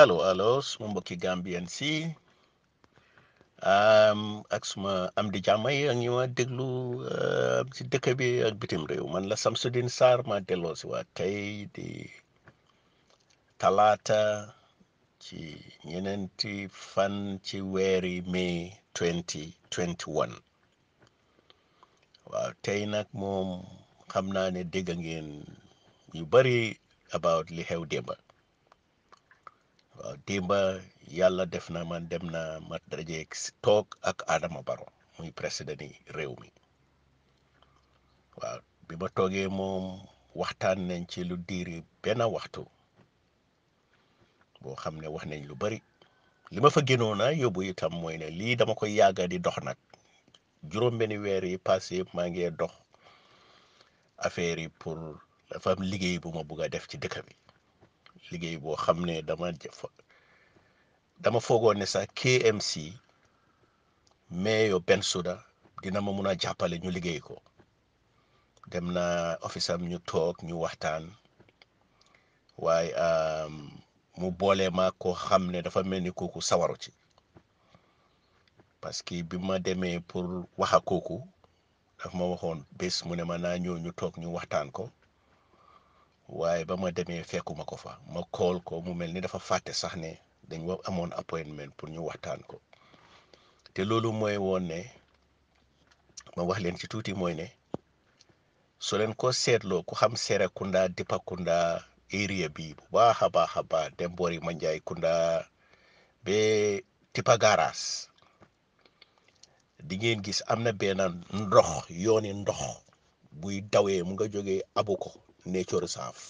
allo allo suma mbokki Gambien si ak suma am di jàmm yi ak ñi ma déglu si dëkk bi ak bitim réew man la Samsudeen Sarr ma delloo si waa tey di talaata ci ñeneenti fan ci weeri mai 2021 waaw tey nag moom xam naa ne dégg ngeen yu bari about li xew démba waaw démba yàlla def na man dem na ma dajeeg toog ak Adama Baro muy président réew mi waaw bi ma toogee moom waxtaan nañ ci lu diiri benn waxtu boo xam ne wax nañ lu bari li ma fa gënoon a yóbbu itam mooy ne lii dama koy yàgga di dox nag juróom-benni weer yi passé yëpp ngi dox affaire yi pour dafa liggéey bu ma bugg a def ci dëkk bi. liggéey boo xam ne dama foogoon ne sax KMC mayor Bensouda dina ma mun a jàppale ñu liggéey ko dem na office ñu toog ñu waxtaan waaye mu boole ma koo xam ne dafa mel ni kooku sawaru ci parce que bi ma demee pour wax a kooku ma waxoon bés mu ne ma naa ñëw ñu toog ñu waxtaan ko. waaye ba ma demee fekuma ko fa ma kool ko mu mel ni dafa fàtte sax ne dañ wa amoon appointment pour ñu waxtaan ko te loolu mooy woon ne ma wax leen ci tuuti mooy ne su leen ko seetloo ku xam Serekunda Dipakunda area bi bu baax a baax a baax dem boori Manjaay Kunda ba Tipa Garaas di ngeen gis am na benn ndox yooni ndox buy dawee mu nga jógee abu nature reserve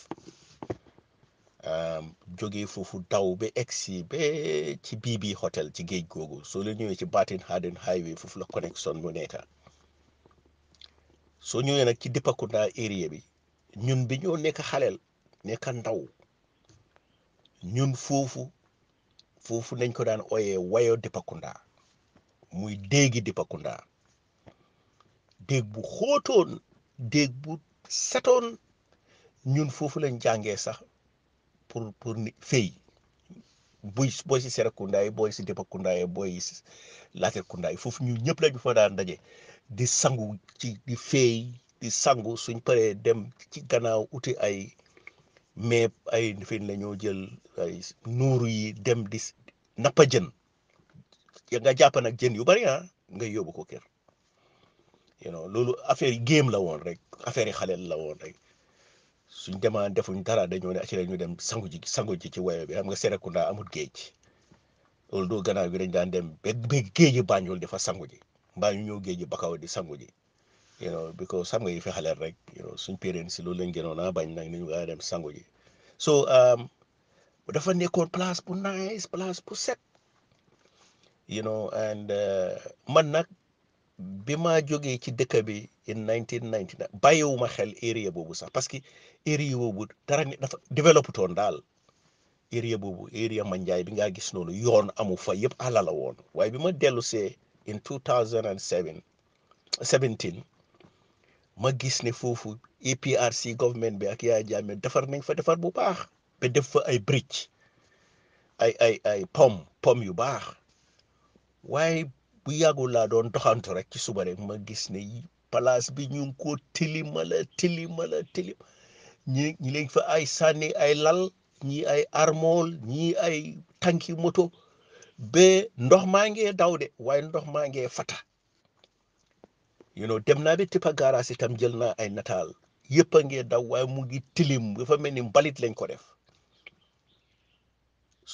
um, jógee foofu daw ba egsi ba ci BB hotel ci géej googu soo la ñëwee ci Batin Harden highway foofu la connexion bu nekka soo ñëwee nag ci Dipakunda area bi ñun bi ñoo nekk xaleel nekk ndaw ñun foofu foofu nañ ko daan ooyee wayo Dipakunda muy déegi Dipakunda déeg bu xóotoon déeg bu setoon ñun foofu lañ jàngee sax pour pour ni fey buy booy si Serekunda yi booy si Debakunda yi booy si Latrikunda yi foofu ñun ñëpp lañ fa daan daje di sangu ci di fey di sangu suñ paree dem ci gannaaw uti ay mais ay fin la ñoo jël ay nuuru yi dem di nappa jën nga jàpp nag jën yu bari ah nga yóbbu ko kër you know loolu affaire yi géem la woon rek affaire yi xaleel la woon rek suñ demaa defuñ dara dañoo ne ci la ñu dem sangu ji sangu ji ci way bi xam nga Serekunda amul géej loolu doo gannaaw bi dañ daan dem ba géeji Banjul di defa sangu ji mbaa ñu ñëw géeji Bakaw di sangu ji you bi ko sam nga yi fi xaleel rek suñ péréen si loolu lañ gënoon a bañ nag ñu nga dem sangu ji so um, dafa nekkoon place bu nice place bu set you know and uh, man nag bi ma jógee ci dëkk bi in 1999 ma xel area boobu sax parce que area boobu dara ni dafa développé woon daal area boobu area Manjaay bi ngaa gis noonu yoon amu fa yëpp àll la woon waaye bi ma dellu see in 2007 17 ma gis ne foofu APRC government bi ak Yaya Jammeh defar nañ fa defar bu baax ba def fa ay bridge ay ay ay pom pom yu baax waaye bu yàggul laa doon doxantu rek ci suba ma gis ne palaas bi ñu ngi ko tilimala tilimala tilim ñi ñi leen fa ay sànni ay lal ñii ay armol ñi ay tanki moto ba ndox maa ngee daw de waaye ndox maa ngee fata you know dem naa bi tippa gaaraas itam jël naa ay nataal yëpp a ngee daw waaye mu ngi tilim dafa mel ni mbalit lañ ko def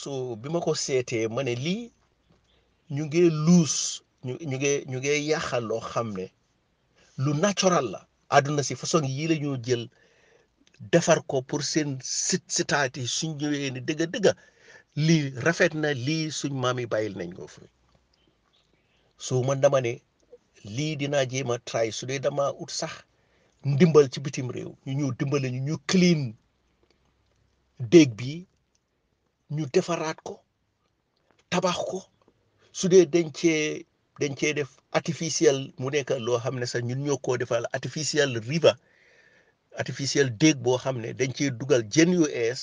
so bi ma ko seetee ma ne lii ñu ngi luus ñu ñu ngi ñu ngi yàqal loo xam ne lu natural la àdduna si façon yii la ñu jël defar ko pour seen sit suñ ñëwee lii rafet na lii suñ maam yi bàyyil nañ ko fi su lii dinaa jéem su dee dama ut sax ndimbal ci bitim réew ñu ñëw dimbale ñu ñu clean bi ñu defaraat ko tabax ko su dee dencee dañ cee def artificiel mu nekk loo xam ne sax ñun ñoo koo defal artificiel river artificiel déeg boo xam ne dañ cee dugal jën yu ees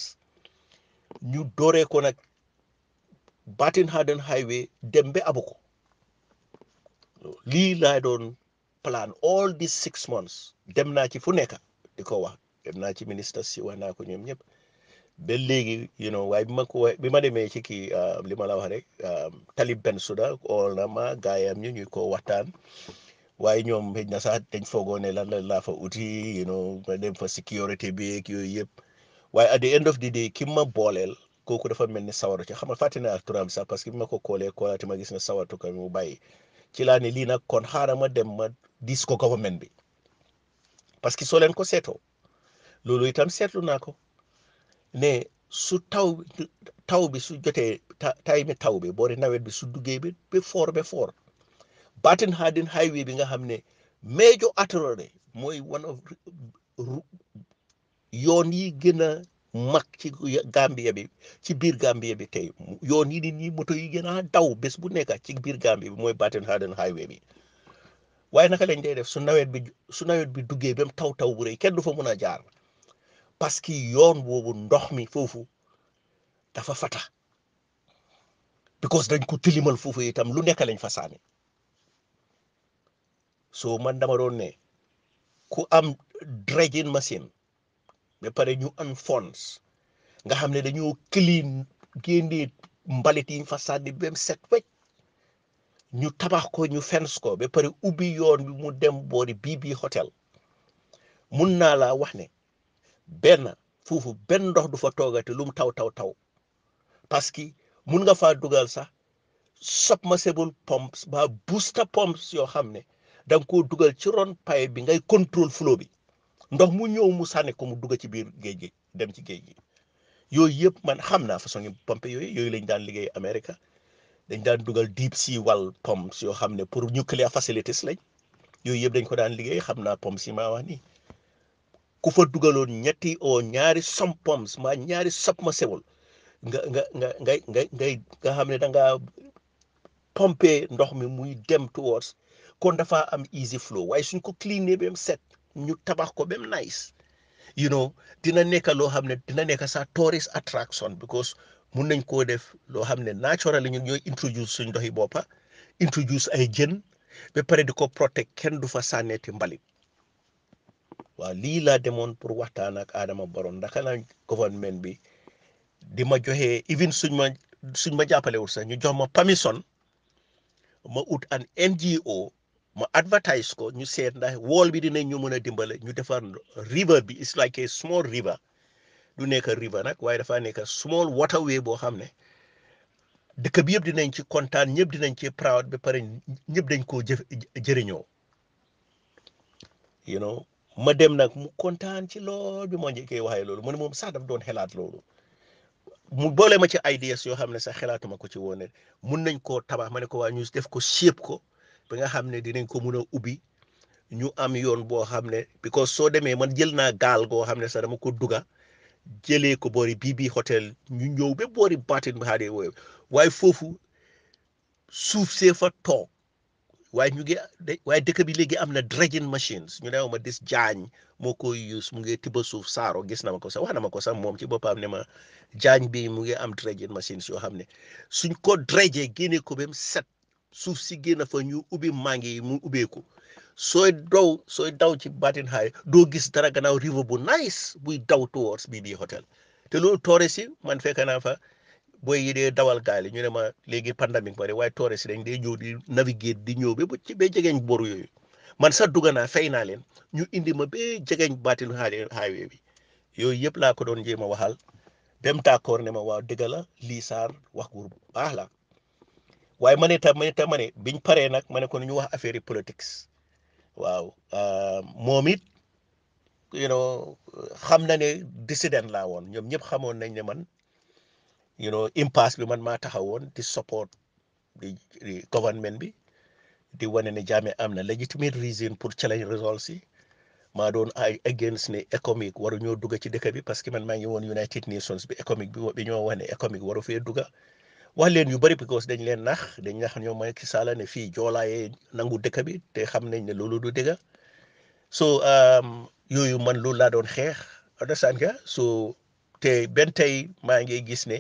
ñu dooree ko nag Batin Haden highway dem ba Abuko lii laa doon plan all these six months dem naa ci fu nekk di ko wax dem naa ci ministre si wax naa ko ñoom ñëpp ba léegi you know waaye bi ma ko bi ma demee ci kii um, li ma la wax rek um, Talib ben oo na ma gaayam ñu ko waxtaan waaye ñoom xëj na sax dañ foogoo ne lan la laa fa uti you know ma dem fa sécurité bi ak yooyu yëpp waaye at the end of the day ki ma booleel kooku dafa mel ni sawaru ci xam nga fàtte naa ak turam sax ma ko koolee koolaati ma gis ne sawatu ka mu bay ci laa ne lii nag kon xaaral ma dem ma dis ko government bi parce que soo ko seetoo loolu itam seetlu naa ko. ne su taw taw bi su jotee tay mi taw bi boori nawet bi su duggee bi ba foor ba foor Barton Harding highway bi nga xam ne major de mooy one yoon yi gën a mag ci Gambia bi ci biir Gambia bi tey yoon yi nit ñi moto yi gën a daw bés bu nekk ci biir Gambia bi mooy Barton Harding highway bi waaye naka lañ dee def su nawet bi su nawet bi duggee ba taw taw bu rëy kenn du fa mun a jaar. parce que yoon woowu ndox mi foofu dafa fata because dañ ko tilimal foofu itam lu nekk lañ fa saani so man dama doon ne ku am dredging machine ba pare ñu am fonds nga xam ne dañoo clean génnee mbalit yi ñu fa sànni ba ñu tabax ko ñu fens ko ba pare ubbi yoon bi mu dem boori bii bii hôtel mun naa laa wax ne benn foofu benn ndox du fa toogati lu mu taw taw taw parce que mun nga faa dugal sax submersible pumps ba booster pumps yoo xam ne da koo dugal ci ron pipe bi ngay contrôle flow bi ndox mu ñëw mu sànni ko mu dugg ci biir géej gi dem ci géej gi yooyu yëpp man xam naa façon yi pompe yooyu lañ daan liggéey Amérique dañ daan dugal deep sea well pumps yoo xam ne pour nuclear facilities lañ yooyu yëpp dañ ko daan liggéey xam naa pumps si maa wax ni ku fa dugaloon ñetti oo ñaari sompoms maa ñaari submersible nga nga nga ngay ngay ngay nga xam ne da nga pompé ndox mi muy dem towards kon dafa am easy flow waaye suñ ko cleané ba mu set ñu tabax ko ba mu nice you know dina nekk loo xam ne dina nekk sa tourist attraction because mun nañ koo def loo xam ne naturel la ñun ñooy introduce suñ ndoxi boppa introduce ay jën ba pare di ko protect kenn du fa sànneeti mbalit waaw lii laa demoon pour waxtaan ak Adama Barrow ndaka la gouvernement bi di ma joxe even suñ ma suñ ma jàppalewul sax ñu jox ma permission ma ut an NGO ma advertise ko ñu seet ndax wool bi dinañ ñu mën a dimbale ñu defar river bi it's like a small river du nekk river nag waaye dafa nekk small waterway boo xam ne dëkk bi yëpp dinañ ci kontaan ñëpp dinañ ci proud ba pare ñëpp dañ koo jëf jëriñoo ma dem nag mu kontaan ci lool bi moo njëkkee waxee loolu mu ne moom sax daf doon xelaat loolu mu boole ma ci ideas yoo xam ne sax xelaatuma ko ci woon mun nañ koo tabax ma ne ko waa ñu def ko séep ko bi nga xam ne dinañ ko mun a ubbi ñu am yoon boo xam ne because soo demee man jël naa gaal goo xam ne sax dama ko duga jëlee ko boori bii bii hôtel ñu ñëw ba boori baatin bi xaadee wooye waaye foofu suuf see fa toog waaye ñu ngi waaye dëkk bi léegi am na dredging machines ñu ne ma dis jaañ moo koy use mu ngi tibb suuf saaro gis na ma ko sax wax na ma ko sax moom ci am ne ma jaañ bi mu ngi am dredging machines yoo xam ne suñ ko dredgee génne ko ba mu set suuf si génn fa ñu ubbi mangi yi mu ubbeeku sooy daw sooy daw ci Batin High doo gis dara gannaaw river bu nice buy daw towards bii di hotel te loolu toore si man fekk naa fa. booy yi dee dawal gaal yi ñu ne ma léegi pandémique ba de waaye touriste dañ dee ñëw di navigate di ñëw ba ci ba jegeñ bor yooyu man sax dugg naa fay naa leen ñu indi ma ba jegeñ baatin highway bi yooyu yëpp laa ko doon jéem a waxal dem tàkkoor ne ma waaw dëgg la lii saar wax gu baax la waaye ma ne tam ma ne tam ma ne biñ paree nag ma ne kon ñu wax affaire yi politics waaw euh, moom it you know xam na ne dissident laa woon ñoom ñëpp xamoon nañ ne man. you know impasse bi man maa taxawoon di support di government bi di wane ne Jammeh am na legitimate reason pour challenge results yi maa doon ay against ne économique waru ñoo dugg ci dëkk bi parce que man maa ngi woon United Nations bi économique bi bi ñoo wax ne économique waru duga dugga wax leen yu bëri because dañ leen nax dañ nax ñoo Macky Sall ne fii joolaayee nangu dëkk bi te xam nañ ne loolu du dëgg so um, yooyu man loolu laa doon xeex understand nga so te benn tey maa ngi gis ne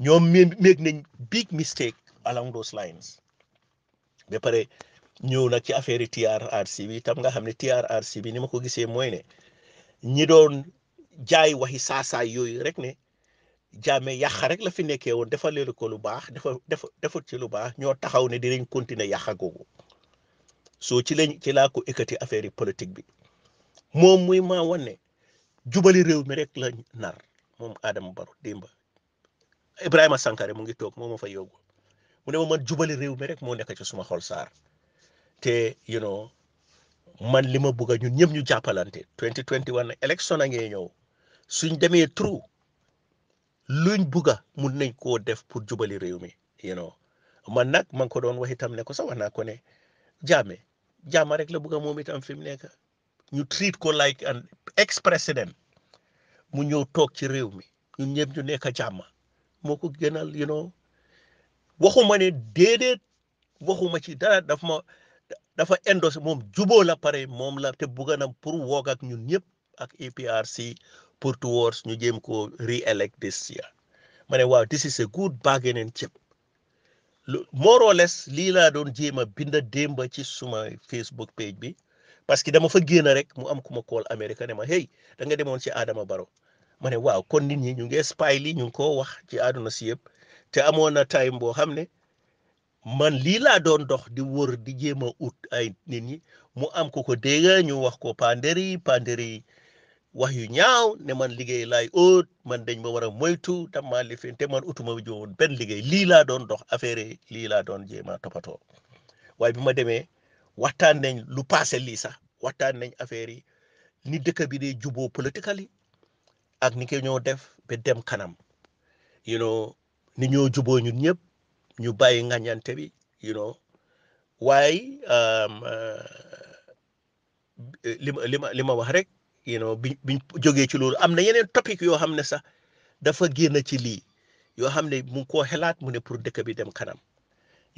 ñoom make nañ big mistake along those lines ba pare ñëw nag ci affaire yi TRRC bi tam nga xam ne TRRC bi ni ma ko gisee mooy ne ñi doon jaay waxi saa saa yooyu rek ne jaame yàq rek la fi nekkee woon defalee ko lu baax dafa dafa defut ci lu baax ñoo taxaw ne dinañ continuer yàq googu soo ci lañ ci laa ko ekkati affaire yi politique bi moom muy maa wan ne jubali réew mi rek lañ nar moom Adama Barrow dimba Ibrahima Sankare mu ngi toog moo ma fa yóbbu mu ne ma man jubali réew mi rek moo nekk ci suma xol saar te you know man li ma bëgg a ñun ñëpp ñu jàppalante 2021 élection a ngee ñëw suñ demee trou luñ bëgg a mun nañ koo def pour jubali réew mi you know man nag man ko doon wax itam ne ko sax wax naa ko ne jaame jaama rek la bëgg a moom itam fi mu nekk ñu treat ko like an ex président mu ñëw toog ci réew mi ñun ñëpp ñu nekk a jàmma moo ko gënal you know waxuma ne déedéet waxuma ci dara dafa ma dafa endossé moom juboo la pare moom la te bugga na pour woog ak ñun ñëpp ak APRC pour towards ñu jéem ko re-elect this year ma ne waaw this is a good bargaining chip more or less lii laa doon jéem a bind démba ci suma Facebook page bi parce que dama fa génn rek mu am ku ma call Amérique ne ma hey da nga demoon ci Adama Barrow ma ne waaw kon nit ñi ñu ngi spy li ñu ngi koo wax ci àdduna si yëpp te amoon na time boo xam ne man lii laa doon dox di wër di jéem a ut ay nit ñi mu am ko ko dégg wax ko pandéri pandéri wax yu ñaaw ne man liggéey laay ut man dañ ma war a moytu tam maa lifin te man utuma jowoon benn liggéey lii laa doon dox affaire lii laa doon jéem a toppatoo waaye bi ma demee waxtaan nañ lu paase lii sax waxtaan nañ affaire yi ni dëkk bi de jubo politique yi ak ni ko ñoo def ba dem kanam you know ni ñoo juboo ñun ñëpp ñu bàyyi ngañante bi you know waaye um, uh, li ma li ma li ma wax rek you know bi biñ jógee ci loolu am na yeneen topic yoo xam ne sax dafa génn ci lii yoo xam ne mu ko koo mu ne pour dëkk bi dem kanam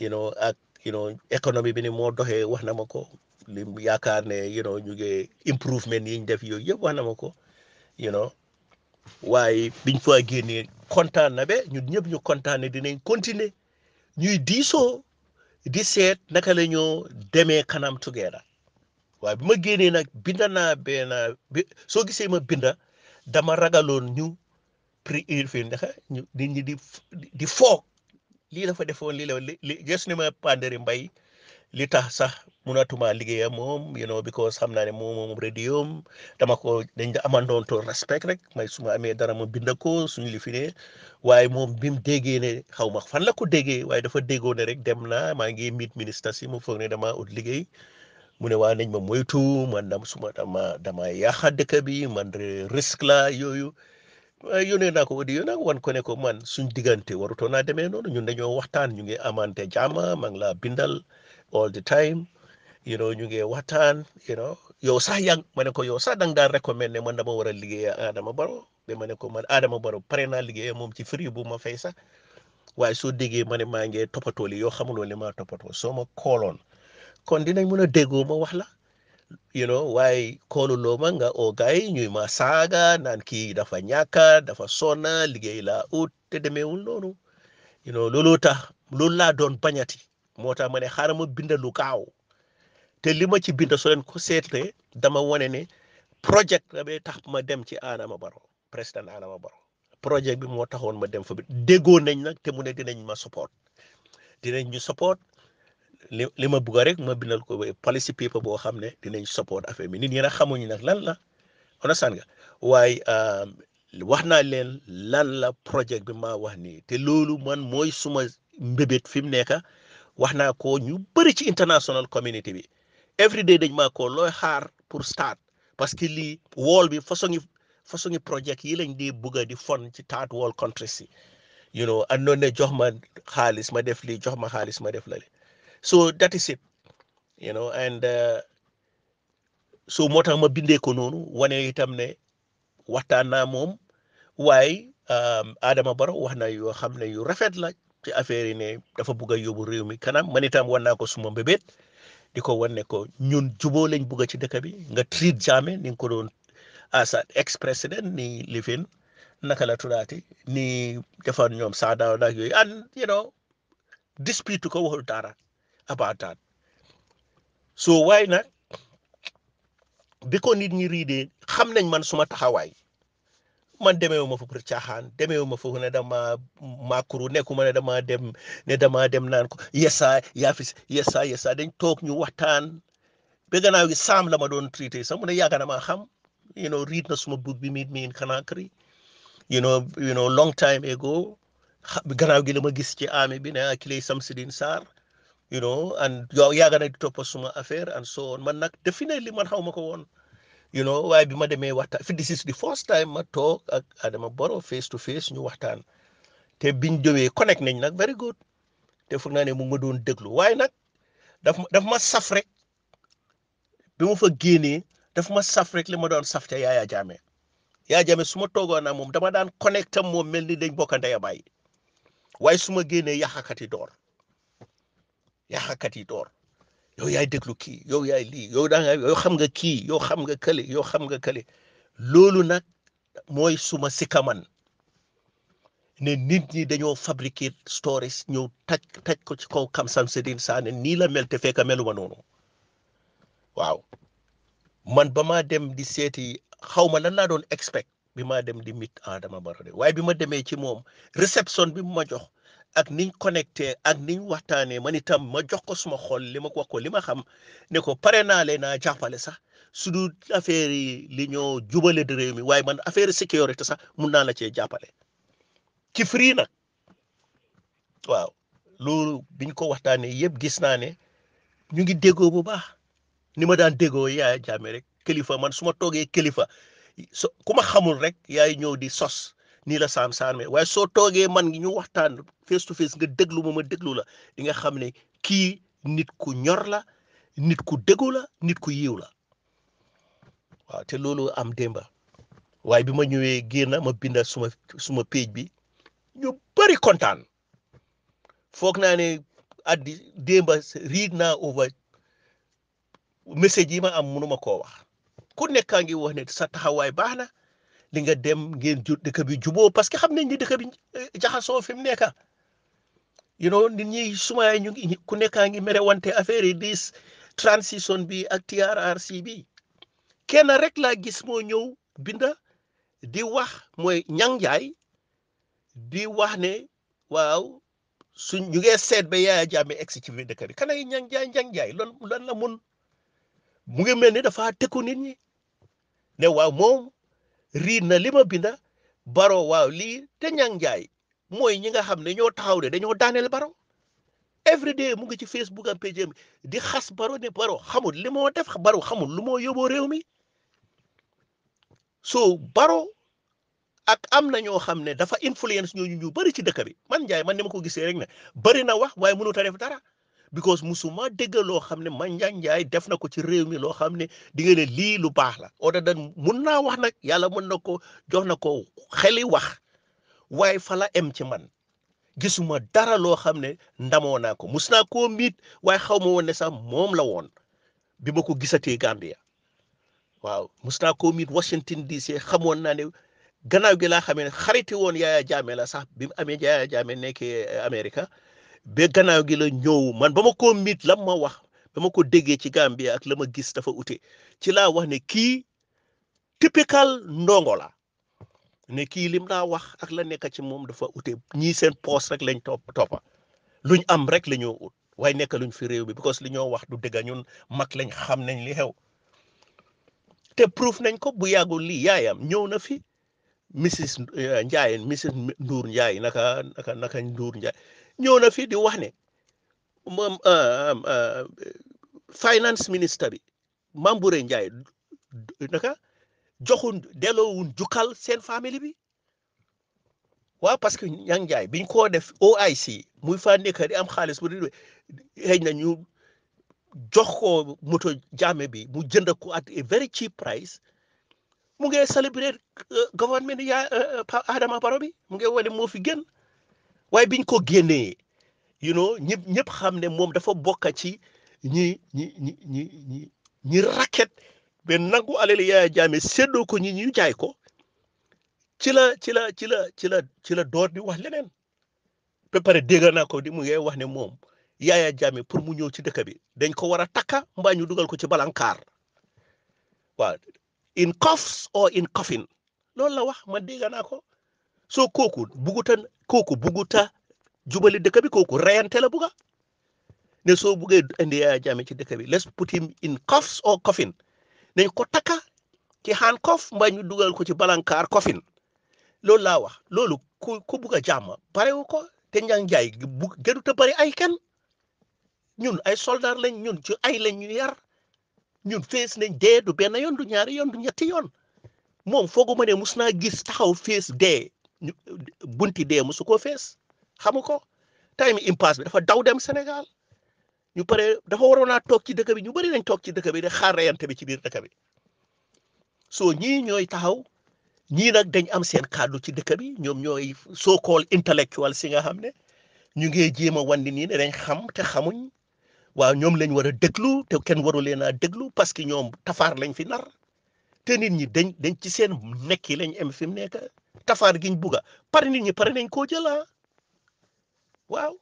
you know ak you know économie bi ni moo doxee wax na ma ko li yaakaar ne you know ñu ngi def yooyu yëpp wax na ma ko you waaye biñ fa génnee kontaan na ba ñu ñëpp ñu kontaan ne dinañ continuer ñuy diisoo di seet naka lañu demee kanam together waaye bi ma génnee nag binda naa benn bi soo gisee ma binda dama ragaloon ñu prix irfin ndax ñu nit ñi di foog lii la fa defoon lii la li gis ma pandari mbay li tax sax munatuma liggéeya moom you know because xam naa ne moom moom radio dama ko dañ amandoon to respect rek may su ma amee dara ma bind ko suñu li fi ne waaye moom bi mu déggee ne xaw ma fan la ko déggee waaye dafa déggoo ne rek dem naa maa ngi mit ministre si mo foog ne dama ut liggéey mu ne waa nañ ma moytu man dam suma dama dama yaaxa dëkk bi man risque la yooyu yónnee naa ko audio nag wan ko ne ko man suñ diggante warutoon naa demee noonu ñun dañoo waxtaan ñu ngi amante jàmm maa ngi laa bindal all the time you know ñu gee waxtaan you know yow sax yang ma ne ko yow sax danga daan recommend ne man dama war a liggéey Adama Barrow de ma ne ko man Adama Barrow pare naa liggéey moom ci free bu ma fay sax waaye soo déggee ma ne maa ngi toppatoo li yoo xamuloo li maa toppatoo soo ma kooloon kon dinañ mën a déggoo ma wax la you know waaye kooluloo ma nga oo gars ma saaga naan kii dafa ñàkka dafa sonna liggéey laa ut te demeewul noonu you know looloo tax loolu laa doon bañati moo tax ma ne xaaral ma bind lu kaaw te li ma ci bind soo leen ko seetlee dama wane ne projet la tax ma dem ci Adama Barrow président Adama Barrow projet bi moo taxoon ma dem fa bi déggoo nañ nag te mu ne dinañ ma support dinañ ñu support li li ma bëgg rek ma bindal ko policy paper boo xam ne dinañ support affaire bi nit ñi nag xamuñu nag lan la understand nga waaye um, wax naa leen lan la projet bi maa wax ni te loolu man mooy suma mbébét fi mu nekk wax naa ko ñu bëri ci international community bi every day dañ maa ko looy xaar pour start parce que lii wool bi façon yi façon yi project yi lañ dee bugga di fon ci third world countries yi you know andoon ne jox ma xaalis ma def lii jox ma xaalis ma def lale so that is it you know and uh, so moo tax ma bindee ko noonu wane itam ne waxtaan naa moom waaye um, Adama Barrow wax na yoo xam ne yu rafet la ci affaire yi ne dafa bugg a yóbbu réew mi kanam man itam wan naa ko suma mbébét di ko wan ko ñun juboo lañ bugg ci dëkk bi nga treat Jammeh ni nga ko doon as ex president ni Living naka la tuddaati ni defar ñoom Saadaw ak yooyu and you know dispute ko waxul dara about that so waaye nag bi ko nit ñi riidee xam nañ man suma taxawaay. man wu ma fa pour caaxaan demeewu ma foofu ne dama makuru nekkuma ne dama dem ne dama dem naan ko yesa yaa fi yesa yesa dañ toog ñu waxtaan ba gannaaw gi saam la ma doon traité sax mu ne yàgg xam you know na suma book bi miit miin Conakry you know you know long time ago gannaaw gi la ma gis ci ami bi ne Akilay Samsidine Sarr you know and yow yàgg na di toppa suma affaire and so on man nag definitely man xaw ma ko woon you know waaye bi ma demee waxtaan fi this is the first time ak Adama Barrow face to face waxtaan te biñ jowee connect nañ nag very good te foog naa ne mu ma doon déglu waaye nag daf ma daf ma saf rek bi ma fa génnee daf ma safrek rek ma doon saf te Yaya Jammeh Yaya Jammeh su ma toogoon ak moom dama daan connect am moom mel ni dañ bokk ndey a waaye su ma génnee yàqakat yi door yàqakat yi door. yow yaay déglu kii yow yaay lii yow daa nga yow xam nga kii yow xam nga kële yow xam nga kële loolu nag mooy suma sikaman ne nit ñi dañoo fabriquer stories ñëw taj taj ko ci kaw Kam Samsidine Sané nii la mel te fekk meluma noonu waaw man ba maa dem di seeti xaw ma lan laa doon expect bi maa dem di mit Adama Barrow waaye bi ma demee ci moom réception bi mu ma jox ak niñ connecté ak niñ waxtaanee man itam ma jox ko suma xol li ma ko wax ko li ma xam ne ko pare naa le naa jàppale sax su du affaire yi li ñoo jubale di réew mi waaye man affaire sécurité sax mun naa la cee jàppale ci nag waaw loolu biñ ko waxtaanee yëpp gis naa ne ñu ngi déggoo bu baax ni ma daan déggoo yaaya jaame rek kilifa man su ma toogee kilifa so ku ma xamul rek yaay ñëw di sos nii la saam saamee waaye soo toogee man ngi ñu waxtaan face to face nga déglu ma ma déglu la di nga xam ne kii nit ku ñor la nit ku déggu la nit ku yiw la waaw te loolu am démba waaye bi ma ñëwee na ma bindal suma suma page bi ñu bari kontaan foog naa ne addi démba read na over message yi ma am mënuma ko wax ku nekkaa ngi wax ne sa taxawaay baax na li nga dem ngeen ju dëkk bi juboo parce que xam nañ ni dëkk bi eh, jaxasoo fi mu nekk you know ñi suma ñu ku nekkaa ngi mere wante affaire yi dis transition bi ak TRRC bi kenn rek laa gis moo ñëw binda di wax mooy ñang jaay di wax ne waaw suñ ñu ngee seet be yaaya jàmme egsi ci biir dëkk bi kana yi ñang jaay ñang jaay lan la mun mu ngi mel ni dafa tekku nit ñi ne waaw moom riir na lima ma binda baro waaw lii te ñang njaay mooy ñi nga xam ne ñoo taxaw ne dañoo daaneel baro every day mu ngi ci facebook am page am di xas baro ne baro xamul li moo def baro xamul lu moo yóbboo réew mi so baro ak am na ñoo xam ne dafa influence ñooñu ñu bari ci dëkk bi man njaay man ni ma ko gisee rek ne bari na wax waaye mënut a def dara because musuma dégg loo xam ne Mandiang Njie def na ko ci réew mi loo xam ne dinga ne lii lu baax la oda dan mun naa wax nag yàlla mën na ko jox na ko xeli wax waaye fala la em ci man gisuma dara loo xam ne ndamoo naa ko mus naa koo miit waaye xaw ma woon ne sax moom la woon bi ma ko gisatee Gambia waaw mus naa koo miit Washington DC xamoon naa ne gannaaw gi laa xamee ne xariti woon Yaya Jammeh la sax bi mu amee Yaya Jammeh nekkee Amérique be gannaaw gila la man ba ko koo mit lam ma wax ba ko déggee ci Gambia ak la ma gis dafa ute ci laa wax ne kii typical ndongo la ne kii lim laa wax ak la nekk ci moom dafa ute ñii seen poos rek lañ topp toppa luñ am rek la ñoo ut waaye nekk luñ fi réew bi because li ñoo wax du dëgg ñun mag lañ xam nañ li xew te proof nañ ko bu yàggul lii yaayam ñëw na fi Mrs Ndiaye Mrs Ndour Ndiaye naka naka naka Ndour Ndiaye ñëw na fi di wax ne moom euh, euh, euh, finance minister bi Mamboure Ndiaye naka joxun delloowun jukkal seen famille bi waaw parce que Niang Ndiaye biñ koo def OIC muy fa nekk di am xaalis bu di xëy na ñu jox ko moto jaame bi mu jënd ko at a very cheap price mu ngi célébrer gouvernement Adama Barrow bi mu ngi wane moo fi gën waaye biñ ko génnee you know ñëpp ñëpp xam ne moom dafa bokk ci ñi ñi ñi ñi ñi ñi raket ba nangu alal Yaya Jammeh séddoo ko ñi ñu jaay ko ci la ci la ci la ci la ci la door di wax leneen ba pare dégg naa ko di mu ngay wax ne moom Yaya Jammeh pour mu ñëw ci dëkk bi dañ ko war a takka mbaa dugal ko ci balankaar waaw in cuffs or in coffin loolu la wax ma dégg naa ko soo kooku bugutan kooku buguta jubali dëkk bi kooku reyante la buga ne soo buggee indi Yaya Jammeh ci dëkk bi let's put him in cuffs or coffin nañ ko takka ci handcuff mbaa ñu dugal ko ci balankaar coffin loolu la wax loolu ku ku bugg a jàmm parewu ko te njàng jaay bu te bari ay kenn ñun ay soldat lañ ñun ci ay lañ ñu yar ñun fees nañ dee du benn yoon du ñaari yoon du ñetti yoon moom fooguma ne mus naa gis taxaw fees dee ñu bunti dee mosu koo fees xamu ko time impasse bi dafa daw dem Sénégal ñu pare dafa waroon naa toog ci dëkk bi ñu bari nañ toog ci dëkk bi de xaar reyante bi ci biir dëkk bi soo ñii ñooy taxaw ñii nag dañ am seen kàddu ci dëkk bi ñoom ñooy so called intellectual si nga xam ne ñu ngi jéem a wan ne nii dañ xam te xamuñ waaw ñoom lañ war a déglu te kenn waru leen a déglu parce que ñoom tafaar lañ fi nar te nit ñi dañ dañ ci seen nekki lañ am fi mu nekk kafaar giñ bugga pare nit ñi pare nañ koo jël ah waaw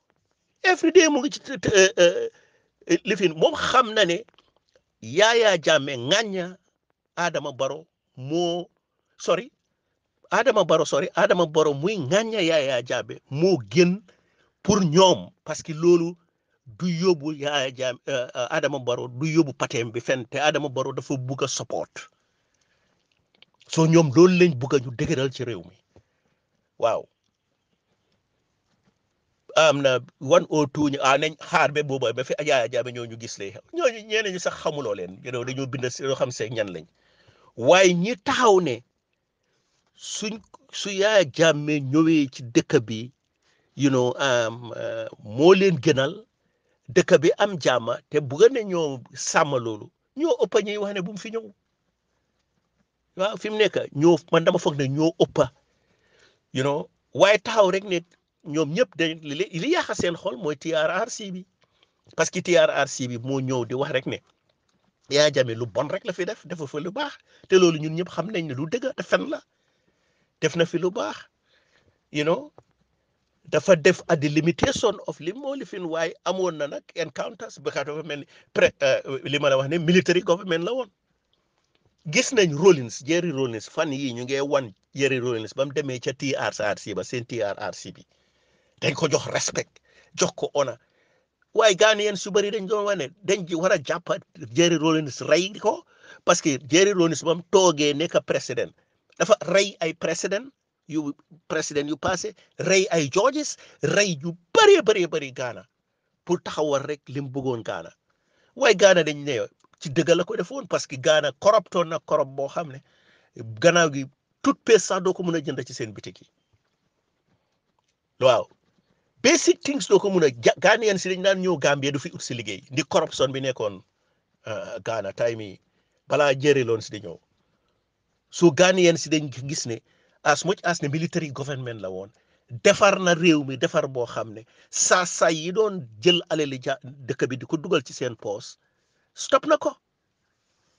every day mu ngi ci lifin moom xam na ne yaayaa jàmme ŋàñña Adama Baro moo sori Adama Baro sori Adama Baro muy ŋàñña yaayaa jàmme mo gën pour ñoom parce que loolu du yóbbu yaayaa jàmme euh, euh, Adama Baro du yóbbu pateem bi fen te Adama Baro dafa bugg a support soo ñoom loolu lañ bëgg ñu dëgëral ci réew mi waaw am na wan o tuuñu ah nañ xaar ba booba ba fi ajaaya jaabe ñoo ñu gis lay xew ñooñu ñu sax xamuloo leen yow dañoo bind si loo xam see ñan lañ waaye ñi taxaw ne suñ su yaaya jàmme ñëwee ci dëkk bi you know uh, moo leen gënal dëkk bi am jàmma te bëgg na ñoo sàmm loolu ñoo ëpp ñuy wax ne bu fi ñëw waaw fi mu nekk ñoo man dama foog ne ñoo ëppa you know waaye taxaw rek ne ñoom ñëpp dañ li yàq seen xol mooy TRRC bi parce que TRRC bi moo ñëw di wax rek ne yaa jame lu bon rek la fi def dafa fa lu baax te loolu ñun ñëpp xam nañ ne lu dëgg te fen la def na fi lu baax you know dafa def at the limitation of li moo li waaye amoon na nag encounters ba kaa dafa mel ni euh, li ma la wax ne military government la woon gis nañ Rollins Jerry Rollins fan yii ñu one wan Jerry Rollins ba mu demee TRRC ba seen TRRC bi dañ ko jox respect jox ko ona waaye Ghanaian su bëri dañ doon wane dañ ji war Jerry Rollins rey ko parce que Jerry Rollins ba mu toogee nekk président dafa rey ay président yu président yu passé rey ay judges rey yu bëree bëree bëri Ghana pour taxawal rek li bëggoon Ghana waaye Ghana dañ ne ci dëgg la ko defoon parce que Ghana koroptoon na korop boo xam ne gannaaw gi toute doo ko mën a jënd ci seen bitik yi waaw basic things doo ko mën a ja Ghanaians si dañ daan ñëw Gambie du fi ut si liggéey ndi corruption bi nekkoon euh, Ghana time yi balaa jëre loon si di ñëw so Ghanaians si dañ gis ne as much as ne military government la woon defar na réew mi defar boo xam ne saa saa yi doon jël alali ja dëkk bi di ko dugal ci seen poos stop na ko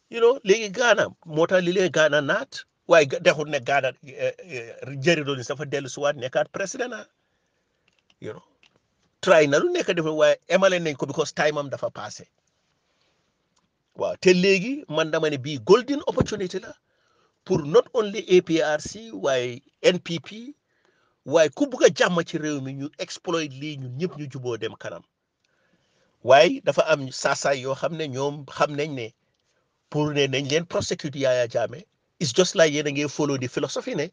you know léegi gaana moo tax li lee Ghana naat waaye dexul ne Ghana eh, eh, Jerry Rawlings dafa dellu si waat nekkaat président na you know try na lu nekk dafa waaye emale nañ ko because time am dafa passé waaw te léegi man dama ne bii golden opportunity la pour not only APRC waaye NPP waaye ku bugg a jàmm ci réew mi ñu exploit lii ñu ñëpp ñu juboo dem kanam waaye dafa am saasaay yoo xam ne ñoom xam nañ ne pour ne nañ leen prosecute Yaya Jammeh it's just like yéen a ngi follow di philosophie ne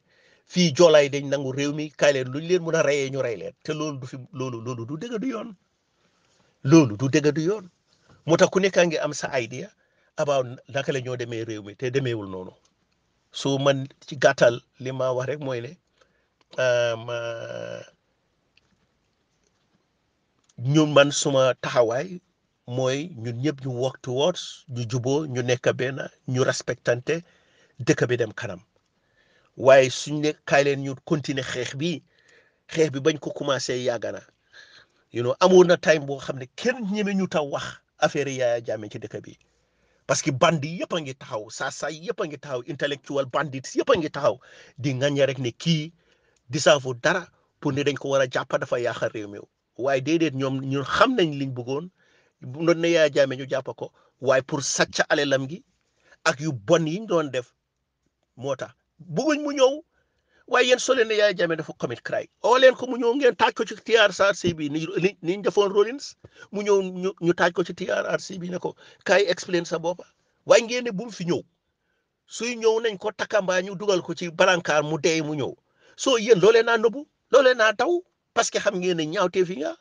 fii joolaay dañ nangu réew mi kaay leen leen mun a reyee ñu rey leen te loolu du fi loolu loolu du dëgg du yoon loolu du dëgg du yoon moo tax ku nekk a ngi am sa idea about naka la ñoo demee réew mi te demeewul noonu su man ci gàttal li ma wax rek mooy ne um, uh, ñu man suma taxawaay mooy ñun ñëpp ñu work towards ñu juboo ñu nekk benn ñu respectante dëkk bi dem kanam waaye suñ ne kaay leen ñu continuer xeex bi xeex bi bañ ko commencé yàgg na you know amoon na time boo xam ne kenn ñeme ñu taw wax affaire Yaya Jammeh ci dëkk bi parce que bandi yëpp a ngi taxaw saa saa yëpp ngi taxaw intellectual bandits yëpp a ngi taxaw di ngaññe rek ne kii di foo dara pour ne dañ ko war a jàpp dafa yaaxal réew mi waaye déedéet ñoom ñun xam nañ liñ bëggoon noonu na Yaya Jammeh ñu jàpp ko waaye pour sàcc alalam gi ak yu bon yi ñu doon def moo tax bëgguñ mu ñëw waaye yéen soleen leen ne Yaya Jammeh dafa commit crime oo leen ko mu ñëw ngeen taaj ko ci TRRC bi ni ni ñu defoon Rawlings mu ñëw ñu ñu taaj ko ci TRRC bi ne ko kaay explain sa bopp waaye ngeen ne bu fi ñëw su ñëw nañ ko takka mbaa ñu dugal ko ci balankaar mu dee mu ñëw soo yéen loolee naa nëbbu loolee naa daw. parce que xam ngeen ne ñaawteef yi nga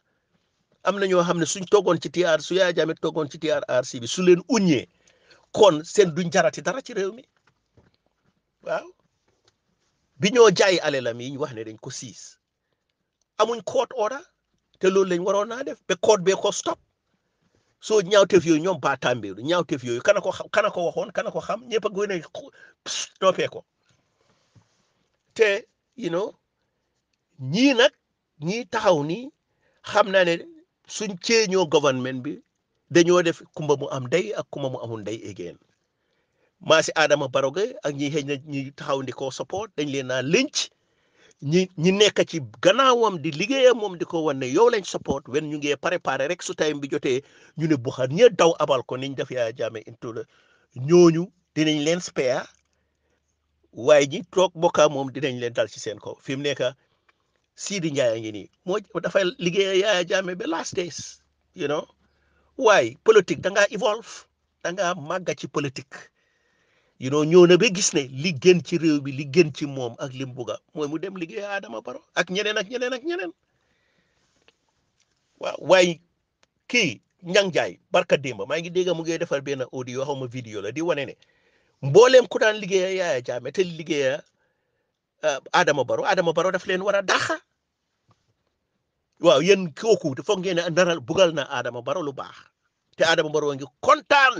am na ñoo xam ne suñ toogoon ci TR su Yaya Jammeh toogoon ci TRRC bi su leen uññee kon seen duñ jarati dara ci réew mi waaw bi ñoo jaay alelam yi ñu wax ne dañ ko siis amuñ court order te loolu lañ waroon naa def ba court bee ko stop soo ñaawteef yooyu ñoom ba tàmbeeru ñaawteef yooyu kana ko kana ko waxoon kana ko xam ñëpp a gën a stoppee ko te you know ñii nag ñiy taxaw ni xam naa ne suñ ceeñoo gouvernement bi dañoo def kumba mu am ndey ak kumba mu amul ndey again maa si Adama Barrow ak ñi xëy na ñi taxaw ndi ko support dañ leen naa lynch ñi ñi nekk ci gannaawam di liggéeyam moom di ko wan yow lañ support wen ñu ngee préparé rek su time bi jotee ñu ne buxar ñe daw abal ko niñ def yaa jaame into la ñooñu dinañ leen spare waaye ñi toog bokkaa moom dinañ leen dal ci seen ko fi mu nekk Sidi Ndiaye ngi nii moo dafay liggéey Yaya Jammeh ba last days you know waaye politique danga ngaa evolve da ci politique you know ñëw na ba gis ne li gën ci réew bi li gën ci moom ak lim buga moo mu dem liggéey Adama Barrow ak ñeneen ak ñeneen ak ñeneen waaw waaye kii Ñang Jaay barka démba maa ngi dégg mu ngi defar benn audio xaw ma vidéo la di wane ne mbooleem ku daan liggéeya Yaya Jammeh te liggéeya Uh, Adama Baro Adama Baro daf leen war a dàqa waaw yéen kooku foog ngeen ne naral bugal na Adama Baro lu baax te Adama Baro ngi kontaan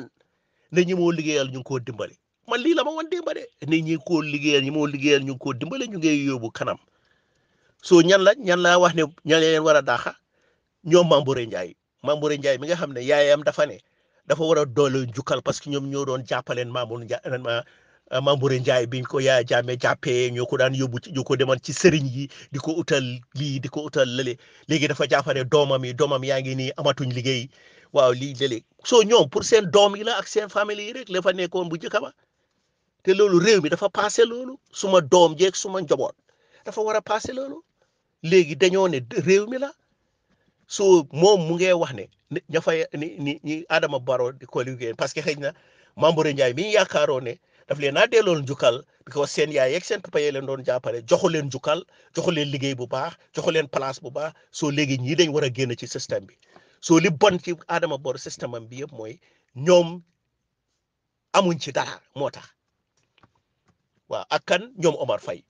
ne ñi moo liggéeyal ñu ngi koo dimbale man lii la ma wan dimbale ne ñi koo liggéeyal ñi moo liggéeyal ñu koo dimbale ñu ngi yóbbu kanam soo ñan la ñan la wax ne ñan leen war a dàqa ñoom Mamboure Ndiaye Mamboure Ndiaye mi nga xam ne yaayam dafa ne dafa war a doole parce que ñoom ñoo doon jàppaleen Mamour Ndiaye Eh, Mambore Ndiaye biñ ko Yaya Jammeh jàppee ñoo ko daan yóbbu ci ñoo ko demoon ci sëriñ gi di ko utal lii di ko utal lële léegi dafa jàppane doomam yi doomam yaa ngi nii amatuñ liggéey waaw lii lële soo ñoom pour seen doom yi la ak seen famille yi rek la fa nekkoon bu njëkk te loolu réew mi dafa passé loolu suma doom jeeg suma njaboot dafa war a passé loolu léegi dañoo ne réew mi la soo moom mu ngee wax ne ña fay ni ni ñi Adama Barrow di ko liggéey parce que xëy na Mambore Ndiaye mi ñu yaakaaroon ne. daf leen naa delloo njukkal because seen yaay yeeg seen papa yee leen doon jàppale joxu leen njukkal joxu leen liggéey bu baax joxu leen place bu baax soo léegi ñii dañ war a génn ci système bi soo li bon ci Adama Barrow système am bi yëpp mooy ñoom amuñ ci dara moo tax waaw ak kan ñoom Omar Faye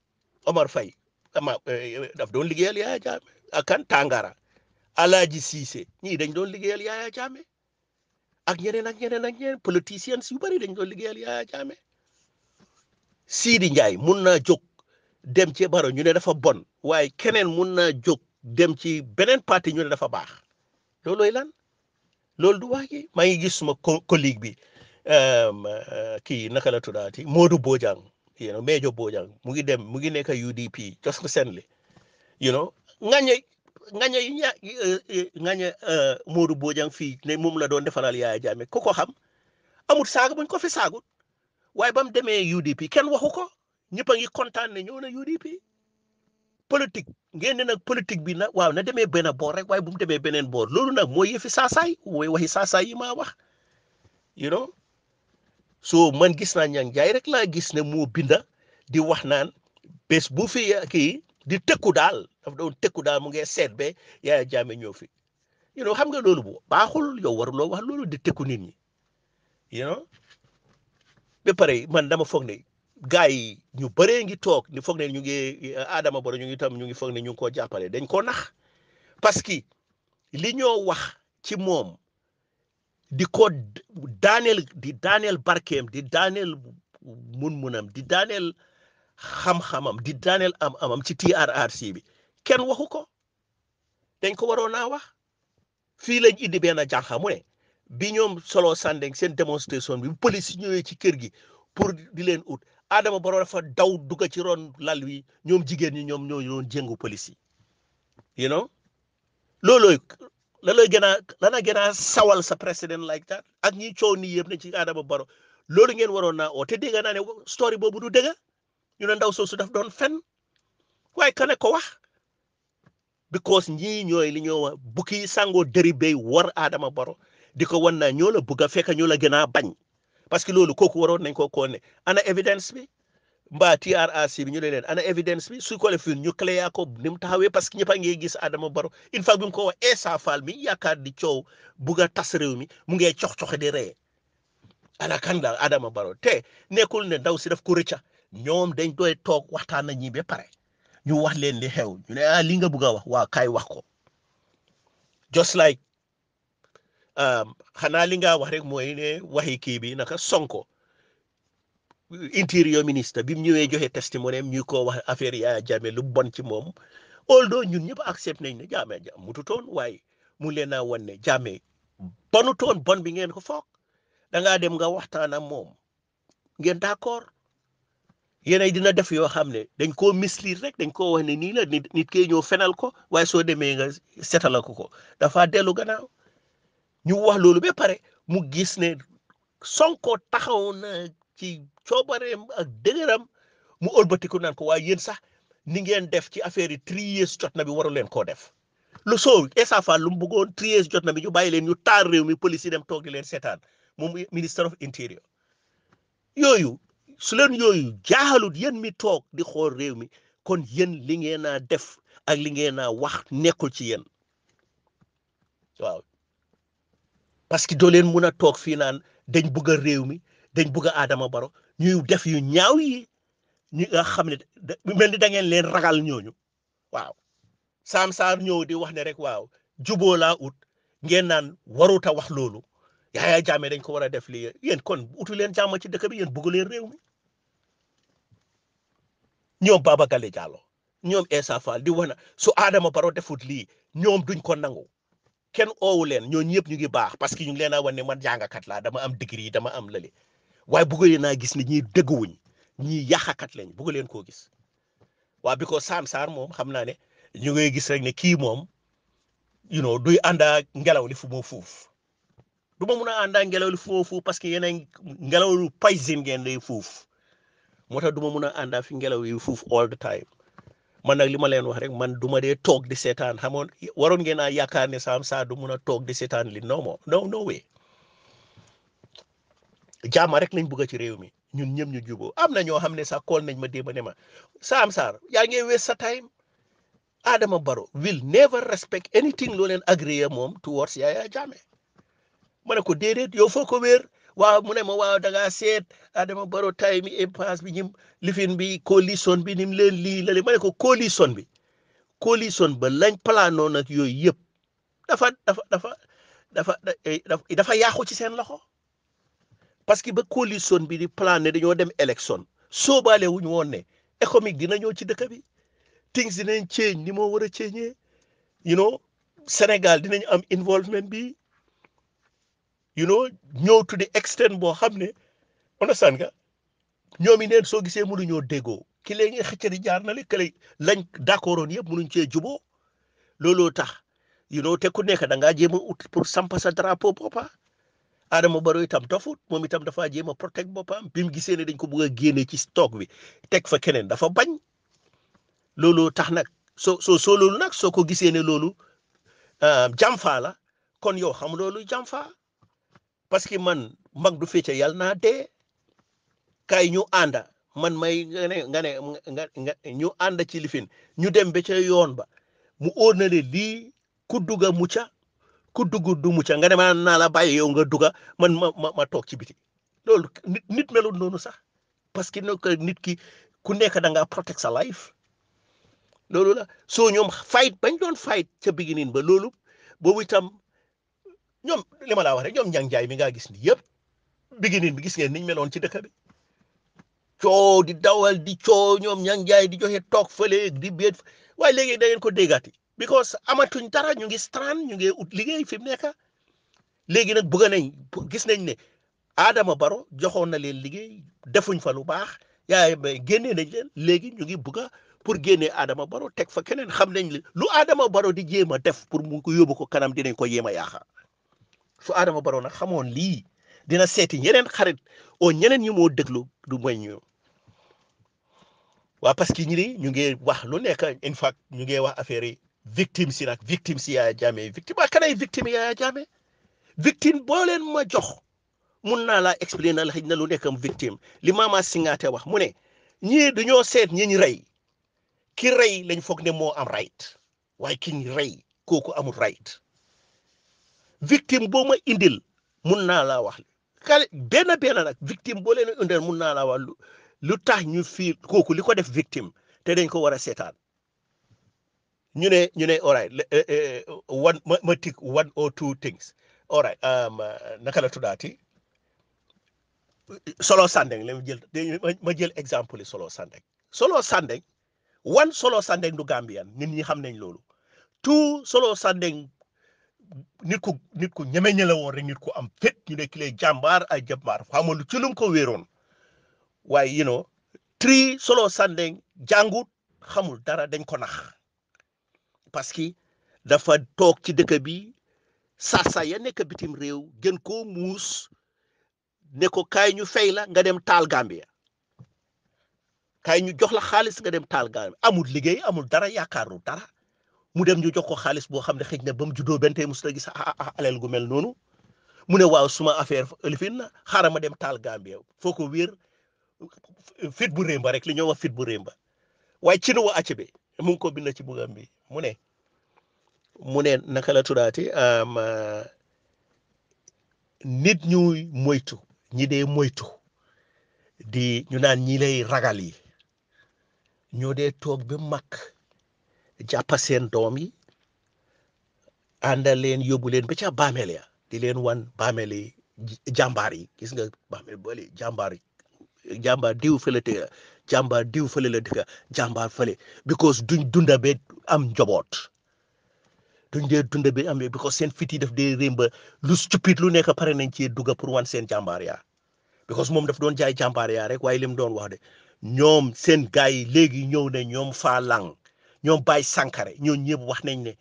Omar Faye ama eh, eh, doon liggéeyal Yaya Jammeh ak kan Tàngara Alaaji ñii dañ doon liggéeyal Yaya Jammeh ak ñeneen ak ñeneen ak ñeneen politiciens yu bari dañ doon liggéeyal Yaya Jammeh siidi Ndiaye mun naa jóg dem ci Barrow ñu ne dafa bon waaye keneen mun naa jóg dem ci beneen parti ñu ne dafa baax loolooy lan loolu du wax gi maa ngi gis suma collègue bi euh, euh, kii naka la tuddaati Modou Bojang you know Mejo Bojang mu ngi dem mu ngi nekk UDP just recently you know ngañe ngañe ña euh, ngañe Modou Bojang fii ne moom la doon defaral Yaya Jammeh ku ko xam amut saaga buñ ko fi saagut waaye ba mu demee UDP kenn waxu ko ñëpp a ngi kontaan ne ñëw na UDP politique ngeen ne nag politique bi nag waaw na demee benn boor rek waaye bu mu demee beneen boor loolu nag moo yëfi saasaay mooy waxi saasaay yi maa wax you know so man gis naa ñang jaay rek laa gis ne moo binda di wax naan bés bu fi kii di tëkku daal daf doon tëkku daal mu ngi seet ba Yaya Jammeh ñëw fi you know xam nga loolu bu baaxul yow waruloo wax loolu di teku nit ñi you ba pare man dama foog ne gars yi ñu bëree ngi toog ni foog ne ñu ngi eh, Adama Barrow ñu ngi tam ñu ngi foog ne ñu ngi koo jàppale dañ ko nax parce que li ñoo wax ci moom di ko daaneel di daaneel barkeem di daaneel mun-munam di daaneel xam-xamam di daaneel am-amam ci TRRC bi kenn waxu ko dañ ko waroon naa wax fii lañ indi benn jànq mu bi ñoom solo Sandeng seen démonstration bi bu police yi ñëwee ci kër gi pour di leen ut Adama Barrow dafa daw dugga ci ron lal wi ñoom jigéen ñi ñoom ñoo doon jéngu police yi you loolooy la lay gën a lana gën a sawal sa président like that ak ñi coow nii yëpp nañ ci Adama Barrow loolu ngeen waroon naa oo te dégg naa ne story boobu du dëgg ñu ne ndaw soosu daf doon fen waaye kane ko wax because ñii ñooy li ñoo wax bukki sangoo dëri war Adama Barrow di ko wan naa ñoo la bugg a fekk ñoo la gën a bañ parce que loolu kooku waroon nañ ko koone ana évidence bi mbaa trac bi ñu ne leen ana évidence bi su ko fil ñu cléa ko ni mu taxawee parce que ñëpp a ngi gis Adama baro il fact bi mu ko wax Essa Faal mi yaakaar di coow bugg a tas réew mi mu ngee cox coxe di ree ana kan la Adama baro te nekkul ne ndaw si daf ko rëcca ñoom dañ doy toog waxtaan na ñi ba pare ñu wax leen li xew ñu ne ah li nga bugg a wax waaw kaay wax ko just like um, hanalinga wax rek mooy ne waxi kii bi naka sonko interior Minister bi mu ñëwee joxe testimony ñu ko wax affaire yaaya jaame lu bon ci moom although ñun ñëpp accept nañ ne jaame mututon waaye mu leen naa wan ne jaame bonutoon bon bi ngeen ko foog da ngaa dem nga waxtaan ak moom ngeen d'accord yéenay dina def yoo xam ne dañ koo mislead rek dañ koo wax ne la nit nit kee ñëw fenal ko waaye soo demee nga setala ko ko dafa dellu gannaaw ñu wax loolu ba pare mu gis ne Sonko taxaw na ci coobareem ak dëgëram mu ëlbatiku naan ko waaye yéen sax ni ngeen def ci affaire yi three years jot na bi waru leen koo def lu soo Essa Faal lu mu bëggoon three years jot na bi ñu bàyyi leen ñu taar réew mi police dem toog di leen seetaan moom ministre of interior yooyu su leen yooyu jaaxalut yéen mi toog di xool réew mi kon yéen li ngeen a def ak li ngeen a wax nekkul ci yéen waaw parce que doo leen mun a toog fii naan dañ bugg a réew mi dañ bugg a Adama Barrow ñuy def yu ñaaw yi ñu nga xam ne mel ni da ngeen leen ragal ñooñu waaw Sam Sarr ñëw di wax ne rek waaw juboo laa ut ngeen naan waruta wax loolu Yahya Jammeh dañ ko war a def lii yéen kon utu leen jàmm ci dëkk bi yéen bugg leen réew mi ñoom Baba Gale ñoom Essa di wax na su Adama Barrow defut lii ñoom duñ ko nangu kenn oowu leen ñooñu ñëpp ñu ngi baax parce que ñu ngi leen a wan ne man jàngakat laa dama am degré yi dama am lële waaye bëgg leen naa gis ni ñii dëgguwuñ ñii yàqakat lañ bëgg leen koo gis waa bi ko Sam Sarr moom xam naa ne ñu ngay gis rek ne kii moom you know duy ànd ngelaw li fu moo fuuf du ma mun a ànd ngelaw li fu parce que yeneen ngelaw lu paysin ngeen day fuuf moo du ma mun a ànd ak fi ngelaw yi fuuf all the time man nag li ma leen wax rek man du ma dee toog di seetaan xamoon waroon ngeen a yaakaar ne Sam Sarr du mun a toog di seetaan li non non non non way jaama rek lañ bëgg ci réew mi ñun ñëpp ñu juboo am na ñoo xam ne sax kool nañ ma démb ne ma saam Sarr yaa ngi waste sa time Adama Barrow will never respect anything loo leen agréé moom towards Yaya Jammeh ma ne ko déedéet yow foo ko wéer waaw mu ne ma waaw da ngaa seet Adama Barrow time bi bi ñim lifin bi coalition bi nim leen lii la ma ne ko coalition bi coalition ba lañ planoon ak yooyu yëpp dafa dafa dafa dafa dafa yaaxu ci seen loxo parce que ba coalition bi di plané dañoo dem élection soobaale wuñu woon ne économique dina ñëw ci dëkk bi things dinañ change ni moo war a change you know Sénégal dinañ am involvement bi you know ñëw to de extent boo xam ne understand nga ñoom yi neen soo gisee mënuñoo déggoo ki lee ngi xëccari jaar na le kële lañ d'accord woon yëpp mënuñ cee juboo looloo tax you know te ku nekk da ngaa jéem ut pour sampa sa drapeau boppa Adama Barrow itam dofut moom itam dafa jéem a protect boppam bi mu gisee ne dañ ko bëgg a génne ci stock bi teg fa keneen dafa bañ looloo tax nag soo soo soo loolu nag soo ko gisee ne loolu euh, jàmfaa la kon yow xam loolu jàmfaa parce que man mag du fecce yal naa dee kay ñu ànda man may nga ne nga ñu ànda ci lifin ñu dem ba ca yoon ba mu óor na ne lii ku dugga mucca ku dugg du mucca nga ne ma naa la bàyyi yow nga dugga man ma ma ma toog ci biti loolu nit nit melul noonu sax parce que nit ki ku nekk da ngaa protect sa life loolu la soo ñoom fight bañ doon fight ca beginning ba loolu boobu itam ñoom li ma laa wax rek ñoom njàngjaay mi ngaa gis ni yëpp biginin bi gis ngeen niñ meloon ci dëkk bi di dawal di coo ñoom njàngjaay di joxe toog fële di beet waaye léegi da ngeen ko déggaati amatuñ dara ñu ngi ñu ngi ut liggéey fi mu nekk léegi nag bëgg nañ gis nañ ne Adama Baro joxoon na leen liggéey defuñ fa lu baax yaay may génnee nañ leen léegi ñu ngi bëgg pour génnee Adama Baro teg fa keneen xam nañ lu Adama Baro di jéem a def pour mu ko yóbbu ko kanam dinañ ko yéem a yaaxa su Adama Barrow nag xamoon lii dina seeti ñeneen xarit oo ñeneen ñi moo déglu du moy ñu waa parce que ñi ñu ngi wax lu nekk in fact ñu ngi wax affaire yi victime si nag victime si Yaya Jammeh victime waa kanay victime Yaya Jammeh victime boo ma jox mun naa laa expliquer na la xëy na lu nekk am victime li Mama Singaate wax mu ne ñii dañoo seet ñi ñu rey ki rey lañ foog ne moo am right waaye ki ñu rey kooku amul right victime boo ma indil mun naa laa wax xale benn benn nag victime boo leen indil mun naa laa wax lu tax ñu fii kooku li ko def victim te dañ ko war a seetaan ñu ne ñu ne all eh, eh, eh, ma tik one or two things all um, uh, naka la tuddaati Solo Sandeng la jël ma jël exemple Solo Sandeng Solo Sandeng wan Solo Sandeng du Gambian nit ñi xam nañ loolu two Solo Sandeng nit ku nit ku ñeme ña la woon rek nit ku am fet ñu ne kilee jàmbaar ay jàmbaar xamal ci lu mu ko wéeroon waaye you know tri solo sandeng jàngut xamul dara dañ ko nax parce que dafa toog ci dëkk bi sasa ya nekk bitim réew gën ko muus ne ko kaay ñu fay la nga dem taal Gambia kaay ñu jox la xaalis nga dem taal Gambia amul liggéey amul dara yaakaarul dara mu dem ñu jox ko xaalis boo xam ne xëj na ba mu juddoo benn tey musta gis ah, ah, alal gu mel noonu mu ne waaw suma affaire ëlifin na xaaral dem taal Gambie foo ko fit bu rémba rek li ñoo wax fit bu rémba waaye ci nu wa acc bi ko bind ci bugam bi mu ne mu ne naka la tuddaati ah, nit ñuy moytu ñi dee moytu di ñu naan ñi lay ragal yi ñoo dee toog ba mag jàppa seen doom yi àndal leen yóbbu leen ba ca bàmmeel ya di leen wan bàmmeel yi jàmbaar yi gis nga bàmmeel bële jàmbaar diw fële te jàmbaar diw fële la fa jàmbaar fële du dunda be am njaboot duñ dee dunda be am because seen fiti yi daf dee rémba lu stupide lu nekk pare nañ ci duga pour wan seen jàmbaar yaa because moom daf doon jaay jàmbaar yaa rek waaye li doon wax de ñoom seen gars yi léegi ñëw ne ñoom faa lang ñoom Baye Sankare ñoo ñëpp wax nañ ne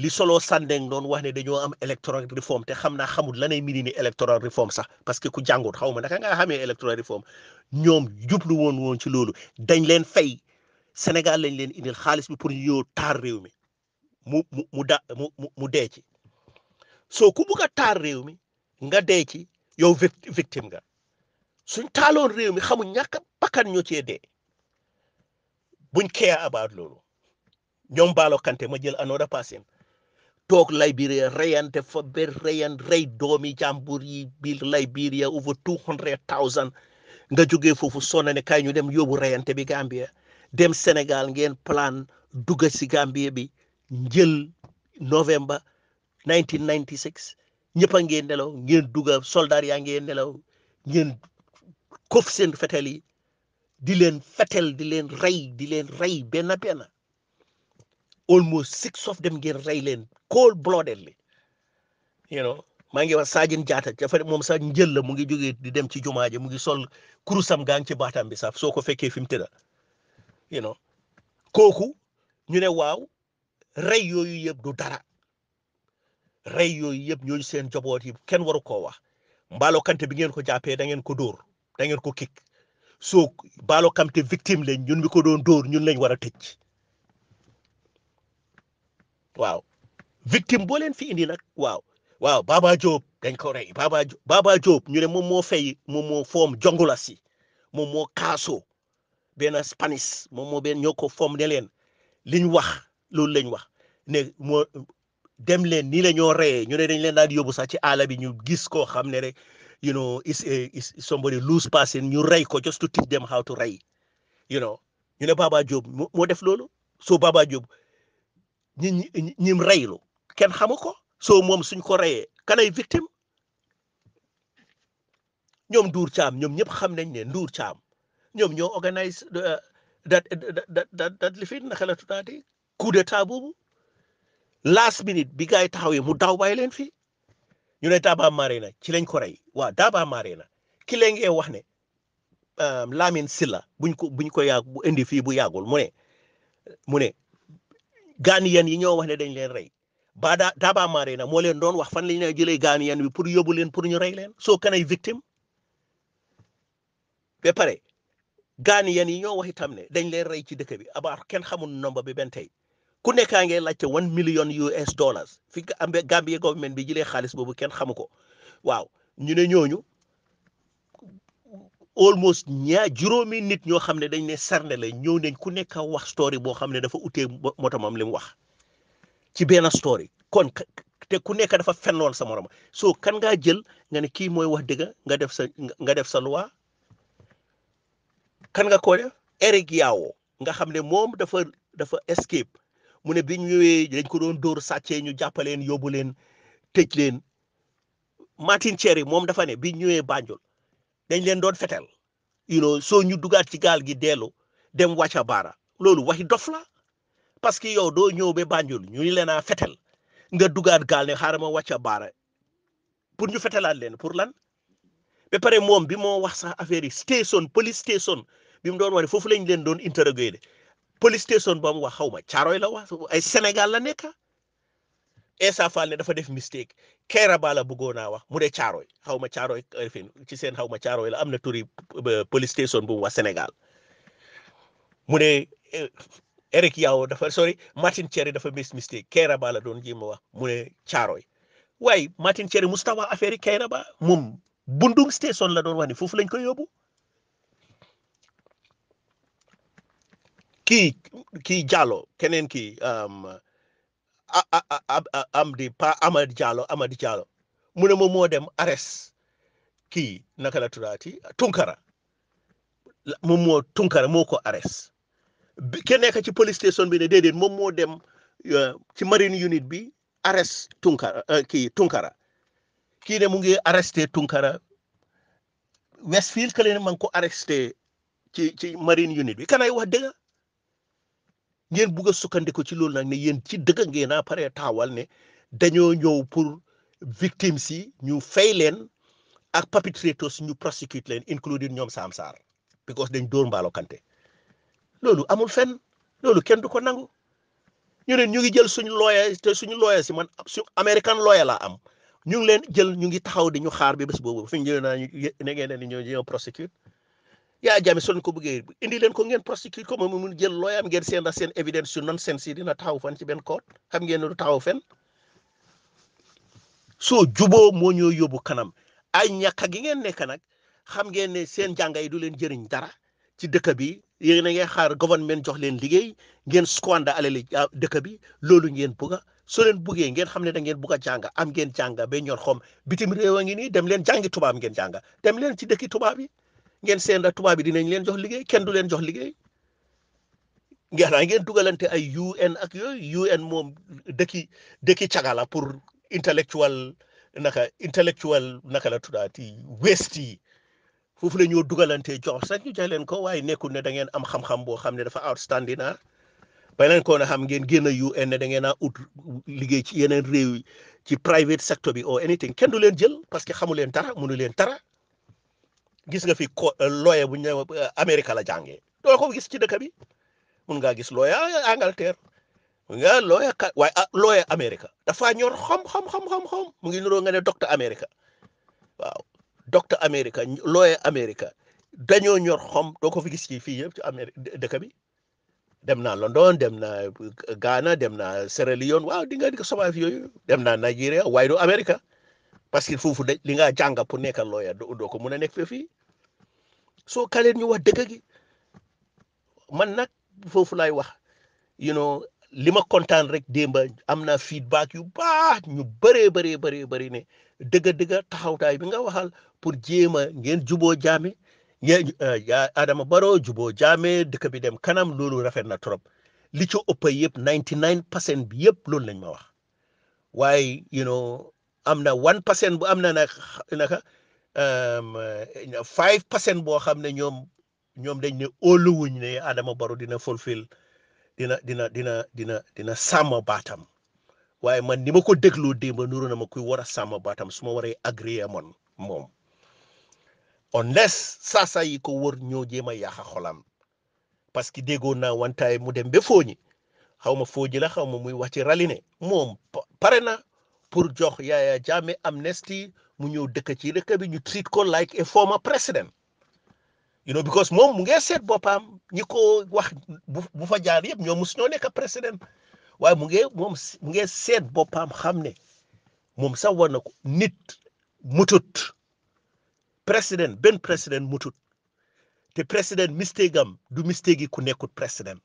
li solo Sandeng doon wax ne dañoo am electoral reform te xam naa xamul lanay mbiri ne electoral reform sax parce que ku jàngut xaw ma naka ngaa xamee electoral reform ñoom jublu woon woon ci loolu dañ leen fay Sénégal lañ leen indil xaalis bi pour ñu yow taar réew mi mu mu mu da mu mu dee ci soo taar réew mi nga dee ci yow victime nga suñ taaloon réew mi xamul ñàkk bakkan ñoo cee dee buñ care about loolu. ñoom Baalo Kanté ma jël another person toog Liberia reyante fa ba reyan rey doomi jàmbur yi biir Liberia over two hundred thousand nga jógee foofu sonna ne kay ñu dem yóbbu reyante bi Gambia dem Sénégal ngeen plan dugga si Gambia bi njël novembre 1996 ñëpp a ngeen nelaw ngeen dugga soldat yaa ngeen nelaw ngeen kof seen fetel di leen fetel di leen rey di leen rey benn almost six of them ngeen rey leen cold bloodedly you know maa ngi wax Sajin Jaata dafa moom sax njël la mu ngi jógee di dem ci jumaa ji mu ngi sol kurusam gaa ngi ci baatam bi sax soo ko fekkee fi mu tëdda you kooku ñu ne waaw rey yooyu yëpp du dara rey yooyu yëpp ñooñu seen joboot yi kenn waru koo wax mbaalokante bi ngeen ko jàppee da ngeen ko dóor da ngeen ko kik soo mbaalokante victime le ñun mi ko doon dóor ñun lañ war a tëj waaw victime boo leen fi indi nag waaw waaw Baba Diop dañ ko rey Baba Baba Diop ñu ne moom moo fay moom moo foom jongula si moom moo kaasoo benn spanish moom moo benn ñoo ko foom ne leen liñ wax loolu lañ wax ne moo dem leen nii la ñoo reyee ñu ne dañ leen daal di yóbbu sax ci àll bi ñu gis ko xam ne rek you know is is somebody loose person ñu rey ko just to teach them how to rey you know ñu ne Baba Diop moo def loolu so Baba Diop ñi ñi ñim reylu kenn xamu ko soo moom suñ ko reyee kanay victime ñoom duur Thiam ñoom ñëpp xam nañ ne Ndour Thiam ñoom ñoo organise euh, dat dat dat li fi naka la tuddaati coup last minute bi gars yi taxaw mu daw bàyyi leen fii ñu ne Daba Marina ci lañ ko rey waaw Daba Marina ki la ngee wax ne euh, Lamine Silla buñ ko buñ ko yàgg bu indi fii bu yàggul mu mu ne gaan Ghanaian yi ñoo wax ne dañ leen rey ba daa Daba na moo leen doon wax fan la ñu jëlee Ghanaian bi pour yóbbu leen pour ñu rey leen soo kanay victime ba pare Ghanaian yi ñoo wax itam ne dañ leen rey ci dëkk bi abaar kenn xamul nomba bi bentey tey ku nekkaa ngay laajte one million US dollars fi Gambie government bi jëlee xaalis boobu kenn xamu ko waaw ñu ne ñooñu. almost ñaar juróomi nit ñoo xam ne dañ ne sarne la ñëw nañ ku nekk a wax story boo xam ne dafa utee motamam li mu wax ci benn story kon te ku nekk dafa fenloon sa morom soo kan ngaa jël nga ne kii mooy wax dëgg nga def sa nga def sa loi kan nga ko def Eric nga xam ne moom dafa dafa escape mu ne bi ñu ñëwee dañ ko doon dóor sàccee ñu jàppaleen yóbbu leen tëj leen Martin Cherry moom dafa ne bi ñëwee Banjul dañ leen doon fetel you soo ñu dugaat ci gaal gi dellu dem wàcca baara loolu waxi dof la parce que yow doo ñëw ba Banjul ñu leen a fetel nga dugaat gaal ne xaaral ma wàcca baara pour ñu fetelaat leen pour lan ba pare moom bi moo wax sa affaire yi station police station bi mu doon wax foofu lañ leen doon interroger de police station ba mu wax xaw ma caaroy la wax ay Sénégal la nekk Essa Faal ne dafa def mistake Kairaba la bëggoon naa wax mu dee Caaroy xaw ma Caaroy RFM euh, ci seen xaw ma Caaroy la am na turi euh, police station bu mu wax mu ne euh, Eric Yao dafa sorry Martin Thierry dafa mis mistake Kairaba la doon jéem a wax mu ne Caaroy waaye matin Thierry musta wax affaire yi Kairaba Bundung station la doon wax ni foofu lañ ko yóbbu kii kii keneen kii. Um, am di pa Amady Diallo Amady Diallo mu ne ma moo dem ares kii naka la tudaati Tunkara moom moo Tunkara moo ko ares bi ke nekk ci police station bi ne déedéet moom moo dem euh, ci marine unit bi ares Tunkara euh, kii Tunkara kii ne mu ngi arresté Tunkara Westfield kële ne ma ngi ko arresté ci ci marine unit bi kanay wax dëgg ngeen bugg a sukkandiku ci loolu nag ne yéen ci dëgg ngeen a pare taawal ne dañoo ñëw pour victimes si ñu fay leen ak perpetrators ñu prosecute leen including ñoom Sam saar because dañ dóor Mballo Kanté loolu amul fenn loolu kenn du ko nangu ñu ne ñu ngi jël suñu lawyer te suñu lawyer si man su American lawyer laa am ñu ngi leen jël ñu ngi taxaw di ñu xaar bi bés boobu fi ñu jëlee naa ñu ne ngeen ne ñoo ñoo yaa jame soo ko bëggee indi leen ko ngeen prosecute ko moom mu mun jël looyaam ngeen seen seen évidence su nonsense yi dina taxaw fan ci benn koot xam ngeen fen soo juboo moo ñoo yóbbu kanam ay ñàkk gi ngeen nekk nag xam ngeen ne seen jànga yi du leen jëriñ dara ci dëkk bi yéen a ngi xaar gouvernement jox leen liggéey ngeen squander alali ah, dëkk bi loolu ngeen bugga soo leen buggee ngeen xam ne da ngeen bugg a jàng am ngeen jàng ba ñor xom bitim réew a ngi nii dem leen jàngi tubaab ngeen jàng dem leen ci dëkki tubaab yi ngeen seen da tubaab bi dinañ leen jox liggéey kenn du leen jox liggéey ngeen naa ngeen dugalante ay ak yooyu UN moom dëkki dëkki cagala pour intellectual naka intellectual naka la tuddaati west yi foofu la ñoo dugalante jox sax ñu jox leen ko waaye nekku ne da ngeen am xam-xam boo xam ne dafa outstanding ah ba leen ko na xam ngeen génn UN ne da ngeen a ut liggéey ci yeneen réew yi ci private sector bi or anything kenn du leen jël parce que xamu leen dara mënu leen dara gis nga fi ko euh, lawyer bu ñu ne euh, la jàngee doo ko gis ci dëkk bi mun ngaa gis lawyer euh, Angleterre mun ngaa lawyer ka waaye ah dafa ñor xam xam xam xam xam mu ngi niroo nga ne docteur Amérique waaw docteur dañoo ñor xam doo ko fi gis ci fii yëpp ci Amérique dëkk bi. dem naa London dem naa Ghana dem na Sierra Leone waaw di nga di ko yooyu dem naa Nigeria waaye du Amérique parce que foofu da li nga jàng pour nekk lawyer doo ko mun a nekk fe fii soo kaleen ñu wax dëgg gi man nag foofu laay wax you know li ma kontaan rek démba am na feedback yu baa ñu bëree bëree bëree bëri ne dëgg dëgg taxawtaay bi nga waxal pour jéem a ngeen juboo jaame ngeen Adama Barrow juboo jaame dëkk bi dem kanam loolu rafet na trop li ci ëpp yëpp 99 percent bi yëpp loolu lañ ma wax waaye you am na wan percent bu am na nag naka um, eh, five percent boo xam ne ñoom ñoom dañ ne óoluwuñ ne Adama Barrow dina fulfil dina dina dina dina dina sàmm baatam waaye man ni ma ko dégloo démb nuru na ma kuy war a sàmm baatam su ma waree agréé man moom unless saasa yi ko wër ñoo jéem a yàq parce que déggoon na wantaay mu dem ba fooñi xaw ma fooji la xaw ma muy wax ci rali moom pare pour jox Yaya Jammeh amnesty mu ñëw dëkk ci dëkk bi ñu treat ko like a former president you know because moom mu ngi seet boppam ñi ko wax bu fa jaar yëpp ñoo mus ñoo nekk président waaye mu ngi moom mu seet boppam xam ne moom sax war na ko nit mutut président benn président mutut te président mistake gam du mistake gi ku nekkut président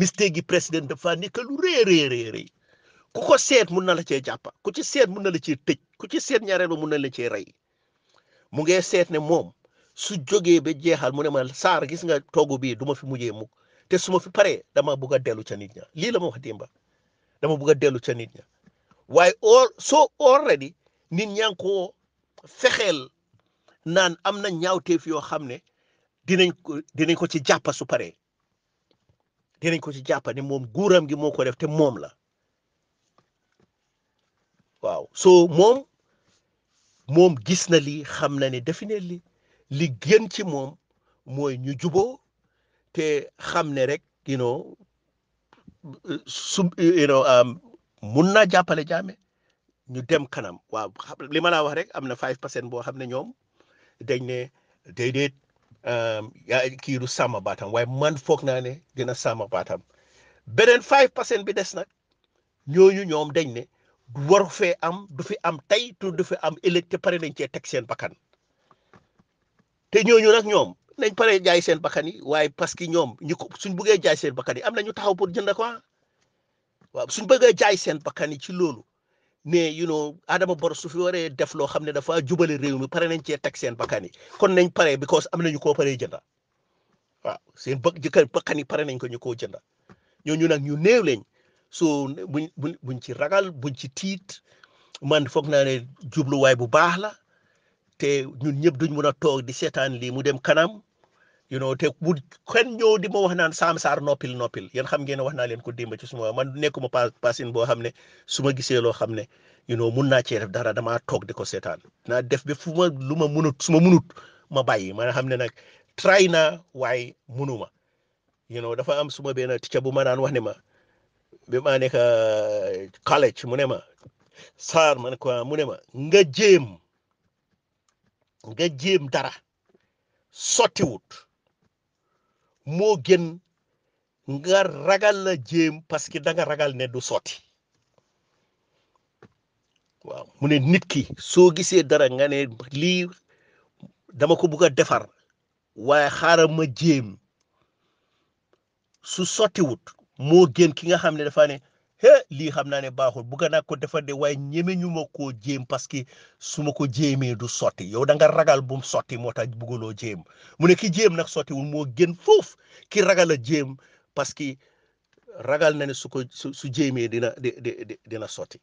mistake yi président dafa nekk lu rëy rëy rëy ku ko seet mun na la cee jàpp ku ci seet mun na la cee tëj ku ci seet ñaareel ba mun na la cee rey mu ngee seet ne moom su jógee ba jeexal mu ne ma saar gis nga toogu bii du ma fi mujjee mukk te suma fi paree dama bugg a dellu ca nit ña lii la ma wax démba dama bugg a dellu ca nit ña waaye or soo already nit ñaa ngi koo fexeel naan am na ñaawteef yoo xam ne dinañ ko dinañ ko ci jàppa su paree dinañ ko ci jàppa ne moom guuram gi moo ko def te moom la waaw soo moom moom gis na li xam na ne definitely li gën ci moom mooy ñu juboo te xam ne rek you know su you know um, mun naa jàppale jaame ñu dem kanam waaw li ma laa wax rek am na 5 percent boo xam ne ñoom dañ ne déedéet um, yaa kii du sàmm baatam waaye man foog naa ne dina sàmm baatam beneen 5 percent bi des nag ñooñu ñoom dañ ne. waru fee am du fi am tey tu du fi am ëllëg te pare nañ cee teg seen bakkan te ñooñu nag ñoom nañ pare jaay seen bakkan yi waaye parce que ñoom ñu ko suñ bëggee jaay seen bakkan yi am na ñu taxaw pour jënd quoi waaw suñ bëggee jaay seen bakkan yi ci loolu mais you know Adama Barrow su fi waree def loo xam ne dafa jubale réew mi pare nañ cee teg seen bakkan yi kon nañ pare because am nañu koo paree jënd waaw seen bëgg jëkkër bakkan yi pare nañ ko ñu koo jënd ñooñu nag ñu néew lañ soo buñ buñ buñ ci ragal buñ ci tiit man foog naa ne jubluwaay bu baax la te ñun ñëpp duñ mun a toog di seetaan lii mu dem kanam you know te bu kenn ñëw di ma wax naan Sam Sarr noppil noppil yéen xam ngeen wax naa leen ko démb ci suma man nekkuma pas pasin boo xam ne su ma gisee loo xam ne you know mun naa cee dara damaa toog di ko seetaan naa def ba fu ma lu ma munut suma ma munut ma bàyyi ma xam ne nag try na waaye munuma yu know dafa am suma benn ticca bu ma naan wax ne ma bi maa nekk college mu ne ma Sarr man quoi mu ne ma nga jéem nga jéem dara sottiwut moo gën nga ragal la jéem parce que da nga ragal ne du sotti waaw mu ne nit ki soo gisee dara nga ne lii dama ko bugg a defar waaye xaaral ma jéem su sottiwut moo gën ki nga xam ne dafa ne he lii xam naa ne baaxul bugga naa ko defar de waaye ñeme ñu ma koo jéem parce que su ma ko jéemee du sotti yow da nga ragal bum sotti moo tax bugguloo jéem mu ne ki jéem nag sottiwul moo gën foofu ki ragal a jéem parce que ragal na ne su ko su su jéemee dina di dina sotti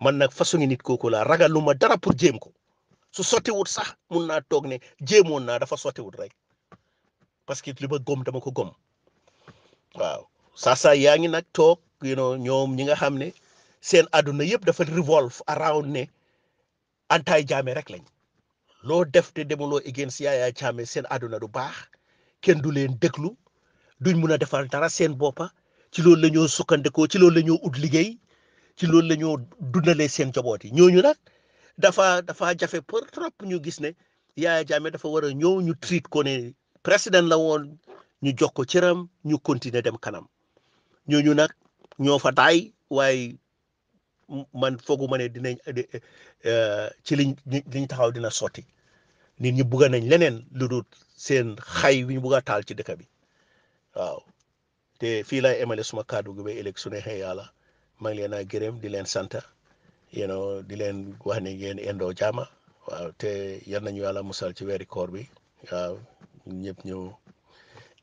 man nag façon nit kooku laa ragal lu ma dara pour jéem ko su sottiwut sax mun naa toog ne jéemoon naa dafa sottiwut rek parce que li ma gom dama ko gom waaw. saa-saa yaa ngi nag toog you know ñoom ñi nga xam ne seen àdduna yëpp dafa revolve around ne antaay jaame rek lañ loo def te demuloo against Yaya Jammeh seen àdduna du baax kenn du leen déglu duñ mun a defar dara seen boppa ci loolu la ñoo sukkandikoo ci loolu la ñu ut liggéey ci loolu la ñu dundalee seen njaboot yi ñooñu nag dafa dafa jafe pour trop ñu gis ne Yaya Jammeh dafa war a ñëw ñu treat ko ne président la woon ñu jox ko cëram ñu continuer dem kanam ñooñu nag ñoo fa taay waaye man foogu ma ne dinañ eh, ci liñ liñ taxaw dina sotti nit ñi bugga nañ leneen lu dul seen xay wi ñu bugg taal ci dëkk bi waaw te fii laay emale suma kàddu gi ba ëllëg su neexee yàlla maa ngi leen a gërëm di leen sant you di leen wax ne ngeen endoo jaama waaw te yal nañu yàlla musal ci weeri koor bi waaw ñëpp ñu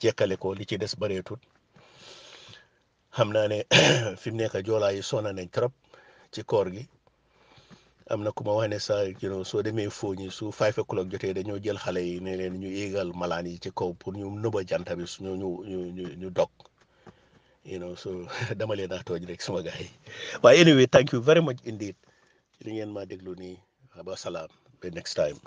jekkale ko li ci des baree bareetut xam naa ne fi mu nekk joolaa yi sona ne trop ci koor gi am na ku ma wax ne saa you know soo demee fooñi su five o'clock jotee dañoo jël xale yi ne leen ñu yéegal malaan yi ci kaw pour ñu nëba jant bi ñu ñu ñu ñu dog you know so dama leen a tooj rek sama gars yi waaye anyway thank you very much indeed li ngeen ma déglu nii ba salaam ba next time